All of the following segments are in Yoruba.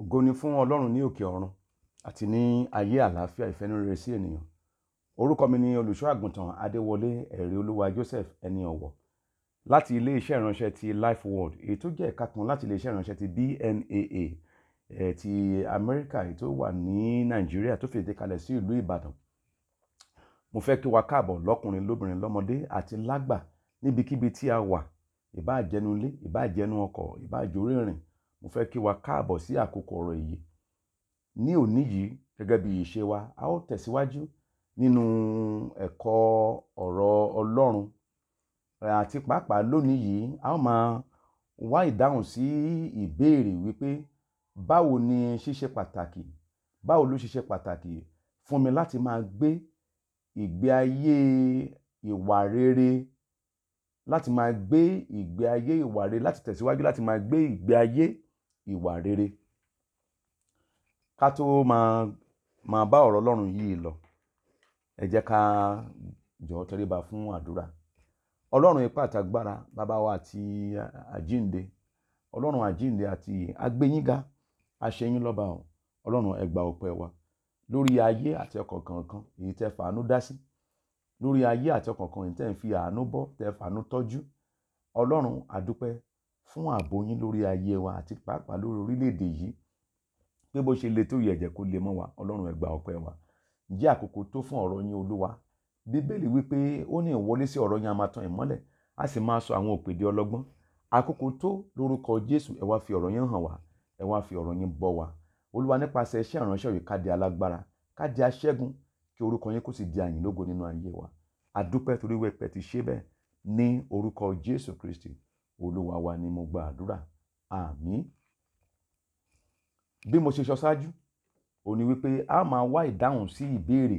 ògo ni fún ọlọ́run ní òkè ọ̀run àti ní ayé àlàáfíà ìfẹ́nurere sí ènìyàn orúkọ mi ni olùṣọ́ àgùntàn adéwọlé ẹ̀rí olúwa joseph ẹni ọ̀wọ̀ láti ilé iṣẹ́ ìránṣẹ́ ti life world èyí tó jẹ́ ẹ̀ka kan láti ilé iṣẹ́ ìránṣẹ́ ti bnaa ẹ̀ ti amẹ́ríkà èyí tó wà ní nàìjíríà tó fìdí kalẹ̀ sí ìlú ìbàdàn mo fẹ́ kí wa káàbọ̀ lọ́kùnrin lóbìnrin lọ́mọdé àti lágbà níbikíbi tí a wà ìbáà jẹnu ilé ìbáà ọkọ̀ ìbáà jórí ìrìn mo fẹ́ kí wa káàbọ̀ sí àkókò ọ̀rọ̀ èyí ní òní yìí gẹ́gẹ́ bí ìṣe wa a ó tẹ̀síwájú nínú ẹ̀kọ́ ọ̀rọ̀ Ọlọ́run àti pàápàá lónìí yìí a ó máa wá ìdáhùn sí ìbéèrè wípé báwo ni ṣíṣe pàtàkì báwo ló ṣe ṣe pàtàkì fún mi láti máa gbé ìgbé ayé ìwà rere láti máa gbé ìgbé ayé ìwà rere láti tẹ̀síwájú láti máa gbé ìgbé ayé ìwà rere ká tó máa máa bá ọ̀rọ̀ Ọlọ́run yìí lọ ẹ jẹ́ ká jọ̀ọ́ tẹríba fún àdúrà Ọlọ́run ipá àtàgbára bàbá wa àti àjínde Ọlọ́run àjínde àti agbẹ́yìnga aṣẹ́yìn lọ́ba o Ọlọ́run ẹ gba ọpẹ́ wa lórí ayé àti ọkọ̀ kankan èyí tẹ́ fàánú dá sí lórí ayé àti ọkọ̀ kan èyí tẹ́ fi àánú bọ́ tẹ́ fàánú tọ́jú Ọlọ́run àdúpẹ́ fún ààbò yín lórí ayé wa àti pàápàá lórí orílẹ̀-èdè yìí pé bó ṣe le tó yẹ kó le mọ́ wa ọlọ́run ẹ gba ọpẹ́ wa jẹ́ àkókò tó fún ọ̀rọ̀ yín olúwa bíbélì wípé ó ní ìwọlé sí ọ̀rọ̀ yín a máa tan ìmọ́lẹ̀ a sì máa sọ àwọn òpèdè ọlọ́gbọ́n àkókò tó lórúkọ jésù ẹ wá fi ọ̀rọ̀ yín hàn wá ẹ wá fi ọ̀rọ̀ yín bọ́ wa olúwa nípasẹ̀ iṣẹ́ ìránṣẹ́ yìí ká di alágbára ká di aṣẹ́gun kí orúkọ yín kó sì di àyìn nínú ayé wa a torí wípé ti ṣe bẹ́ẹ̀ ní orúkọ jésù kristi olúwa wa ni mo gba àdúrà bí mo ṣe sọ ṣáájú ó ní wípé a máa wá ìdáhùn sí ìbéèrè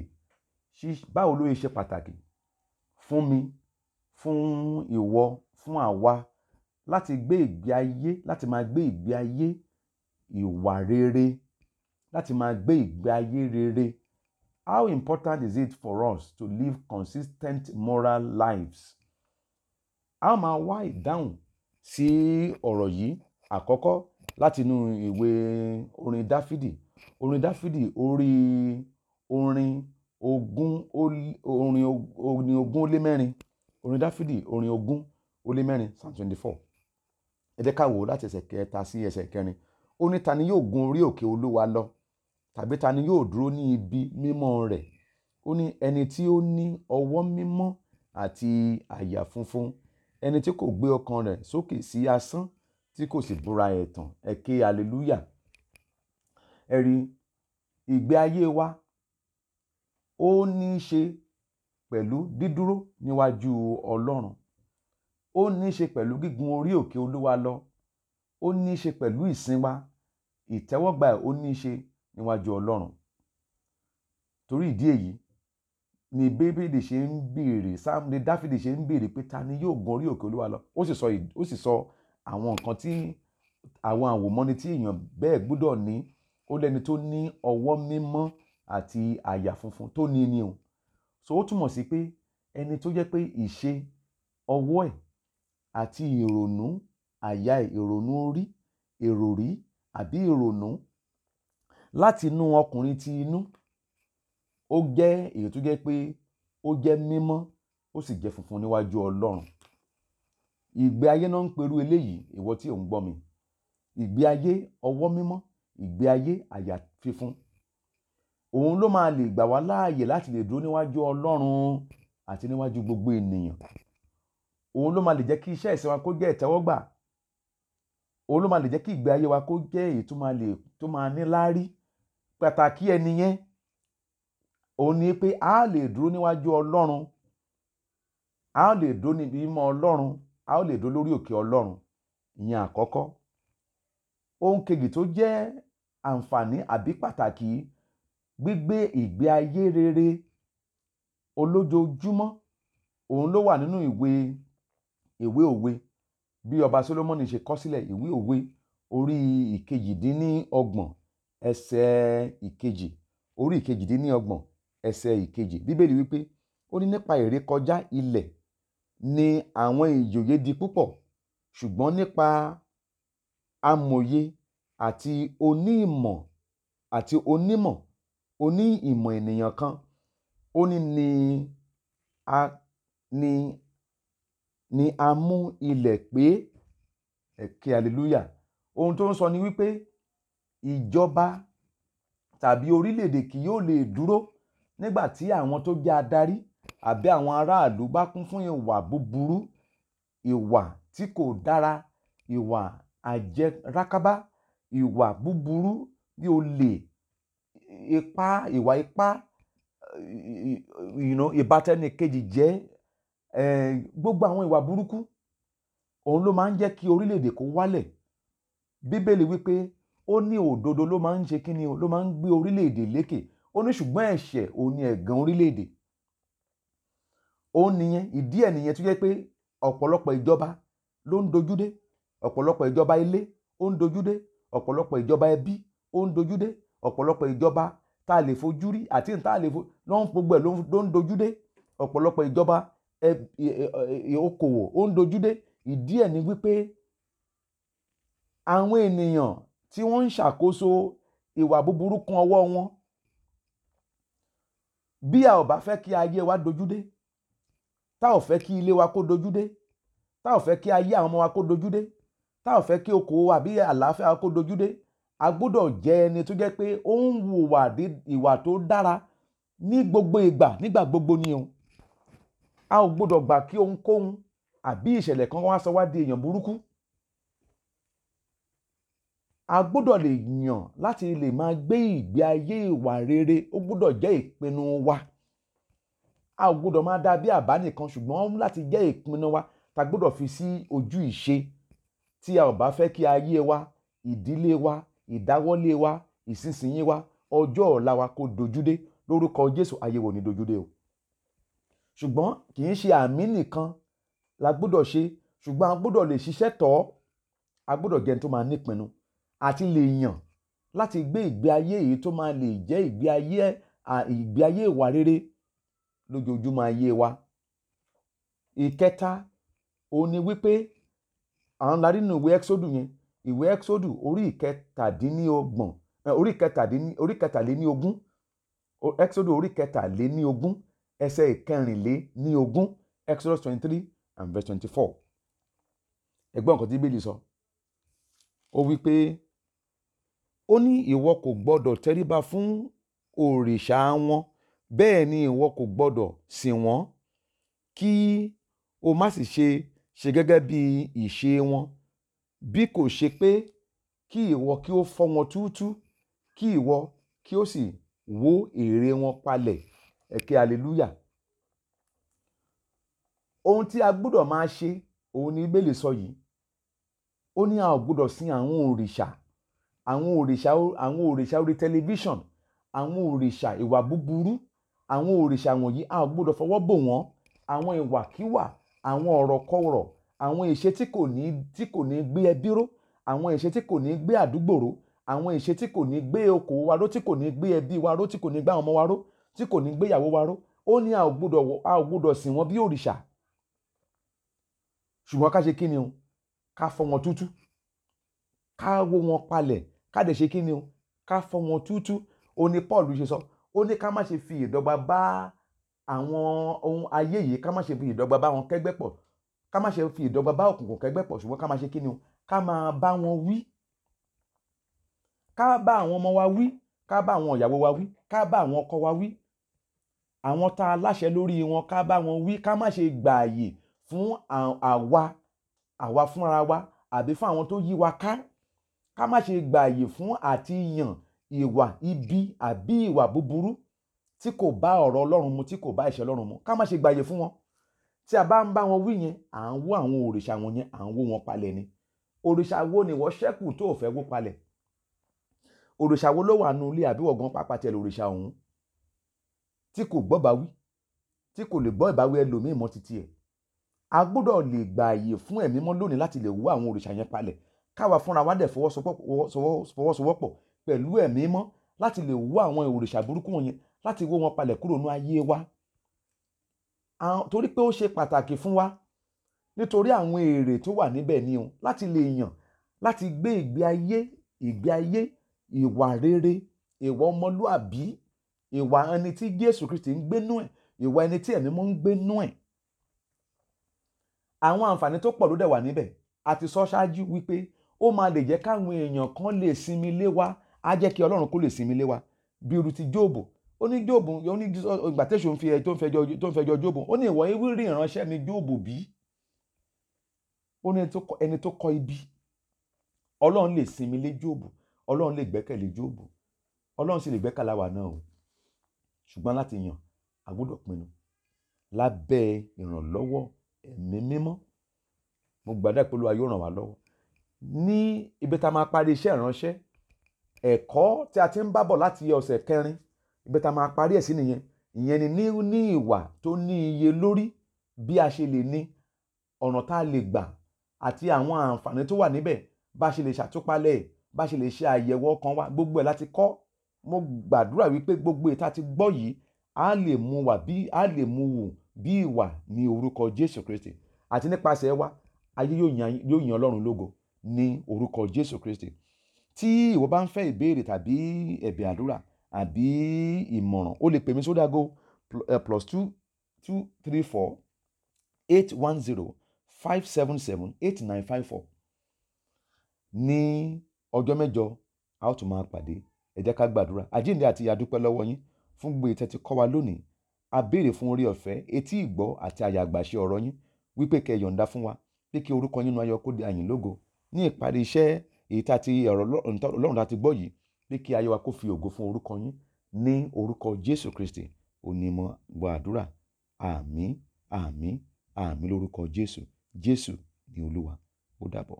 báwo ló ṣe pàtàkì fún mi fún ìwọ fún àwa láti gbé ìgbé ayé láti máa gbé ìgbé ayé ìwà rere láti máa gbé ìgbé ayé rere how important is it for us to live consistent moral lives a máa wá ìdáhùn sí ọ̀rọ̀ yìí àkọ́kọ́ látinú ìwé orin dáfídì orin dáfídì orí orin ogún ó orin orin ogún ó lé mẹ́rin orin dáfídì orin ogún ó lé mẹ́rin psalm twenty four ẹ jẹ́ ká wò ó láti ẹsẹ̀ kẹta sí ẹsẹ̀ kẹrin ó ní ta ni yóò gun orí òkè olúwa lọ tàbí ta ni yóò dúró ní ibi mímọ́ rẹ̀ ó ní ẹni tí ó ní ọwọ́ mímọ́ àti àyà funfun ẹni tí kò gbé ọkàn rẹ̀ sókè sí asán tí kò sì búra ẹ̀tàn ẹ ké hallelujah ẹ rí ìgbé ayé wa ó ní í ṣe pẹ̀lú dídúró níwájú ọlọ́run ó ní í ṣe pẹ̀lú gígun orí òkè olúwa lọ ó ní í ṣe pẹ̀lú ìsìn wa ìtẹ́wọ́gbà ó ní í ṣe níwájú ọlọ́run torí ìdí èyí ni bébèdè ṣe ń béèrè sam ni dáfídì ṣe ń béèrè pé ta ni yóò gorí òkè olúwa lọ ó sì sọ ó sì sọ àwọn nǹkan tí àwọn àwòmọ́ni tí èèyàn bẹ́ẹ̀ gbọ́dọ̀ ní ó lẹ́ni tó ní ọwọ́ mímọ́ àti àyà funfun tó ní ni o so ó túmọ̀ sí pé ẹni tó jẹ́ pé ìṣe ọwọ́ ẹ̀ àti ìrònú àyà ìrònú orí èrò rí àbí ìrònú láti inú ọkùnrin ti inú ó jẹ́ èyí tó jẹ́ pé ó jẹ́ mímọ́ ó sì jẹ́ funfun níwájú ọlọ́run ìgbé ayé náà ń perú eléyìí ìwọ tí ò ń gbọ́ mi ìgbé ayé ọwọ́ mímọ́ ìgbé ayé àyà fífún òun ló máa lè gbà wá láàyè láti lè dúró níwájú ọlọ́run àti níwájú gbogbo ènìyàn òun ló máa lè jẹ́ kí iṣẹ́ ìsìn wa kó jẹ́ ìtẹ́wọ́gbà òun ló máa lè jẹ́ kí ìgbé ayé wa kó jẹ́ èyí tó máa ní láárí pàtàkì ẹni yẹn òun ni pé a lè dúró níwájú ọlọ́run a lè dúró níbi mímọ́ ọlọ́run a lè dúró lórí òkè ọlọ́run ìyẹn àkọ́kọ́ ohun kejì tó jẹ́ àǹfààní àbí pàtàkì gbígbé ìgbé ayé rere olójoojúmọ́ òun ló wà nínú ìwé ìwé òwe bí ọba Solomoni ṣe kọ sílẹ̀ ìwé òwe orí ìkejìdínní ọgbọ̀n ẹsẹ̀ ìkejì orí ìkejìdínní ọgbọ̀n ẹsẹ̀ ìkejì bíbélì wípé ó ní nípa ìrékọjá ilẹ̀ ni àwọn ìjòyè di púpọ̀ ṣùgbọ́n nípa amòye àti onímọ̀ àti onímọ̀ oní ìmọ̀ ènìyàn kan ó ní ni a ni ni a mú ilẹ̀ pé ẹ̀kẹ́ aleluya ohun tó ń sọ ni wípé ìjọba tàbí orílẹ̀-èdè kì yóò lè dúró nígbà tí àwọn tó jẹ́ adarí àbí àwọn aráàlú bá kún fún ìwà búburú ìwà tí kò dára ìwà àjẹrákábá ìwà búburú bí olè ipá ìwà ipá ìbátẹnìkejì jẹ́ gbogbo àwọn ìwà burúkú òun ló máa ń jẹ́ kí orílẹ̀-èdè kó wálẹ̀ bíbélì wípé ó ní òdodo ló máa ń ṣe kíni ló máa ń gbé orílẹ̀-èdè lékè ó ní ṣùgbọ́n ẹ̀ṣẹ̀ òun ni ẹ̀gàn orílẹ̀-èdè òun nìyẹn ìdí ẹ̀ nìyẹn tó jẹ́ pé ọ̀pọ̀lọpọ̀ ìjọba ló ń dojúdé ọ̀pọ̀lọpọ̀ ìjọba ilé ó ń dojúdé ọ̀pọ̀lọpọ̀ ìjọba ẹbí ó ń dojúdé ọ̀pọ̀lọpọ̀ ìjọba tá a lè fojú rí àti tá a lè fojú lọ́n gbogbo ẹ̀ ló ń dojúdé ọ̀pọ̀lọpọ̀ ìjọba okòwò ó ń dojúdé ìdí ẹ̀ ni wípé àwọn ènìyàn tí wọ́n ń ṣàkóso ìwà búburú kan ọwọ́ wọn bí a ò bá fẹ́ kí ayé wa dojúdé tá ò fẹ́ kí ilé wa kó dojúdé tá ò fẹ́ kí ayé àwọn ọmọ wa kó dojúdé tá ò fẹ́ kí okòwò àbí àlàáfíà wa kó dojúdé a gbọ́dọ̀ jẹ́ ẹni tó jẹ́ pé ó ń hùwà ìwà tó dára ní gbogbo ìgbà nígbà gbogbo ni o a ò gbọ́dọ̀ gbà kí ohunkóhun àbí ìṣẹ̀lẹ̀ kan wá sọ wá di èèyàn burúkú a gbọ́dọ̀ lè yàn láti lè máa gbé ìgbé ayé ìwà rere ó gbọ́dọ̀ jẹ́ ìpinnu wa a ò gbọ́dọ̀ máa dá bí àbá nìkan ṣùgbọ́n láti jẹ́ ìpinnu wa ta gbọ́dọ̀ fi sí ojú ìṣe tí a ò bá fẹ́ kí ayé wa ìdílé wa ìdáwọ́lé wa ìsinsìnyí wa ọjọ́ ọ̀la wa kó dojúdé lórúkọ Jésù ayé wò ní dojúdé o ṣùgbọ́n kì í ṣe àmì nìkan la gbọ́dọ̀ ṣe ṣùgbọ́n a gbọ́dọ̀ lè ṣiṣẹ́ tọ́ a gbọ́dọ̀ jẹun tó máa nípinnu àti lè yàn láti gbé ìgbé ayé èyí tó máa lè jẹ́ ìgbé ayé ìgbé ayé ìwà rere lójoojúmọ́ ayé wa ìkẹta òun ni wípé àwọn larí nínú ìwé ẹ́xódù yẹn ìwé ẹ́xódù orí ìkẹtàdínlọ́gbọ̀n orí ìkẹtàléníogún ẹ́xódù orí ìkẹtàléníogún ẹsẹ̀ ìkẹrìnléníogún exodus twenty three and verse twenty four ẹgbọ́n nǹkan tí bíbélì sọ ó wí ó ní ìwọ kò gbọ́dọ̀ tẹríba fún òrìṣà wọn bẹ́ẹ̀ ni ìwọ kò gbọ́dọ̀ sìn wọ́n kí o má sì ṣe ṣe gẹ́gẹ́ bí ìṣe wọn bí kò ṣe pé kí ìwọ kí o fọ́ wọn túútú kí ìwọ kí o sì wó ère wọn palẹ̀ ẹ̀kẹ́ hallelujah ohun tí a gbọ́dọ̀ máa ṣe òun ni bẹ́ẹ̀ lè sọ yìí ó ní a ò gbọ́dọ̀ sin àwọn òrìṣà àwọn òrìṣà àwọn òrìṣà orí tẹlifíṣàn àwọn òrìṣà ìwà búburú àwọn òrìṣà wọ̀nyí a ò gbọ́dọ̀ fọwọ́ bò wọ́n àwọn ìwàkíwà àwọn ọ̀rọ̀kọrọ̀ àwọn ìṣe tí kò ní tí kò ní gbé ẹbí ró àwọn ìṣe tí kò ní gbé àdúgbò ró àwọn ìṣe tí kò ní gbé okòwò wa ró tí kò ní gbé ẹbí wa ró tí kò ní gbé àwọn ọmọ wa ró tí kò ní gbé ìyàwó wa ró ó ní a ò gbọ́dọ̀ a ò gbọ́dọ̀ sìn wọ́n bí òrìṣà ṣùgbọ́n ká ṣe kí ni o ká fọ wọn tútú ká wó wọn palẹ̀ ká dẹ̀ ṣe kí ni o ká fọ́ wọn túútú ó ní Paul ṣe sọ ó ní ká má ṣe fi ìdọ́gba bá àwọn ohun ayé yìí ká má ṣe fi ìdọ́gba bá wọn kẹ́gbẹ́ pọ̀ ká má ṣe fi ìdọ́gba bá òkùnkùn kẹ́gbẹ́ pọ̀ ṣùgbọ́n ká má ṣe kí ni o ká máa bá wọn wí ká bá àwọn ọmọ wa wí ká bá àwọn ìyàwó wa wí ká bá àwọn ọkọ wa wí àwọn tá a láṣẹ lórí wọn ká bá wọn wí ká má ṣe gbààyè fún àwa àwa fúnra wa àbí fún àwọn tó yí wa ká ká má ṣe gbààyè fún àti yàn ìwà ibi àbí ìwà búburú tí kò bá ọ̀rọ̀ ọlọ́run mu tí kò bá iṣẹ́ ọlọ́run mu ká má ṣe gbààyè fún wọn tí a bá ń bá wọn wí yẹn à ń wó àwọn òrìṣà wọn yẹn à ń wó wọn palẹ̀ ni òrìṣà wo ni ìwọ ṣẹ́kù tó ò fẹ́ wó palẹ̀ òrìṣà wo ló wà nù ilé àbí wọ̀gán pápá tẹ̀lé òrìṣà ọ̀hún tí kò gbọ́ báwí tí kò lè gbọ́ ìbáwí ẹlòmíì mọ́ títí ẹ̀ a gbọ́dọ̀ lè gbààyè fún ẹ̀mí mọ́ lónìí láti lè wó àwọn òrìṣà yẹn palẹ̀ káwa fúnra wa dẹ̀ fọwọ́sowọ́pọ̀ pẹ̀lú ẹ̀mí mọ́ láti lè wó àwọn òrìṣà burúkú yẹn láti wó wọn palẹ̀ kúrò ní ayé wa torí pé ó ṣe pàtàkì fún wa nítorí àwọn èrè tó wà níbẹ̀ ni o láti lè yàn láti gbé ìgbé ayé ìgbé ayé ìwà rere ìwà ọmọlúàbí ìwà ẹni tí Jésù Kristi ń gbénú ẹ̀ ìwà ẹni tí ẹ̀mí mọ́ ń gbénú ẹ̀ àwọn àǹfààní tó pọ̀ ló dẹ̀ wà níbẹ̀ a ti sọ ṣáájú wípé ó máa lè jẹ́ káwọn èèyàn kan lè sinmi lé wa á jẹ́ kí ọlọ́run kó lè sinmi lé wa bí irú ti jóòbù ó ní jóòbù ó ní ìgbà tẹ̀sù ń fi ẹ tó ń fẹjọ́ jóòbù ó ní ìwọ ewu rí ìránṣẹ́ mi jóòbù bí ó ní ẹni tó kọ ibi ọlọ́run lè sinmi lé jóòbù ọlọ́run lè gbẹ́kẹ̀lé jóòbù ọlọ́run sì lè gbẹ́kẹ̀lé wa náà o ṣùgbọ́n láti yàn a gbọ́dọ̀ pinnu lábẹ́ ìrànlọ́wọ́ ẹ̀mí mímọ́ mo gbàdá pé Olúwa ràn wá lọ́wọ́ ní ibi tá a máa parí iṣẹ́ ìránṣẹ́ ẹ̀kọ́ tí a ti ń bábọ̀ láti ọ̀sẹ̀ kẹrin ibi tá a máa parí ẹ̀ sí nìyẹn ìyẹn ni ní ní ìwà tó ní iye lórí bí a ṣe lè ní ọ̀nà tá a lè gbà àti àwọn àǹfààní tó wà níbẹ̀ bá ṣe lè ṣàtúpalẹ̀ bá ṣe lè ṣe àyẹ̀wò ọkàn wa gbogbo ẹ̀ láti kọ́ mo gbàdúrà wípé gbogbo ìta ti gbọ́ yìí a lè mú wà bí a lè mú wù bí ìwà ní orúkọ Jésù Kristi àti nípasẹ̀ wa ayé yóò yan Ọlọ́run lógo ní orúkọ jésù kristi tí ìwọ bá ń fẹ́ ìbéèrè tàbí ẹ̀bẹ̀ àdúrà àbí ìmọ̀ràn o lè pè mí sórí eh, plus two two three four eight one zero five seven seven eight nine five four ní ọjọ́ mẹ́jọ a ó tún máa pàdé ẹ jẹ́ ká gbàdúrà àjíǹde àti ìyàdúpẹ́ lọ́wọ́ yín fún gbogbo ìtẹ́tí kọ́ wa lónìí a béèrè fún orí ọ̀fẹ́ etí ìgbọ́ àti àyàgbàṣe ọ̀rọ̀ yín wípé kẹ́ yọ̀ǹda fún wa pé kí orúkọ yín nu ayọ̀ di àyìn ní ìparí iṣẹ́ èyí tá ti ọ̀rọ̀ ọlọ́run tá ti gbọ́ yìí pé kí ayé wa kó fi ògo fún orúkọ yín ní orúkọ jésù kristi onímọ̀ gbọ́ àdúrà àmín àmín àmín lórúkọ jésù jésù ni olúwa ó dàbọ̀.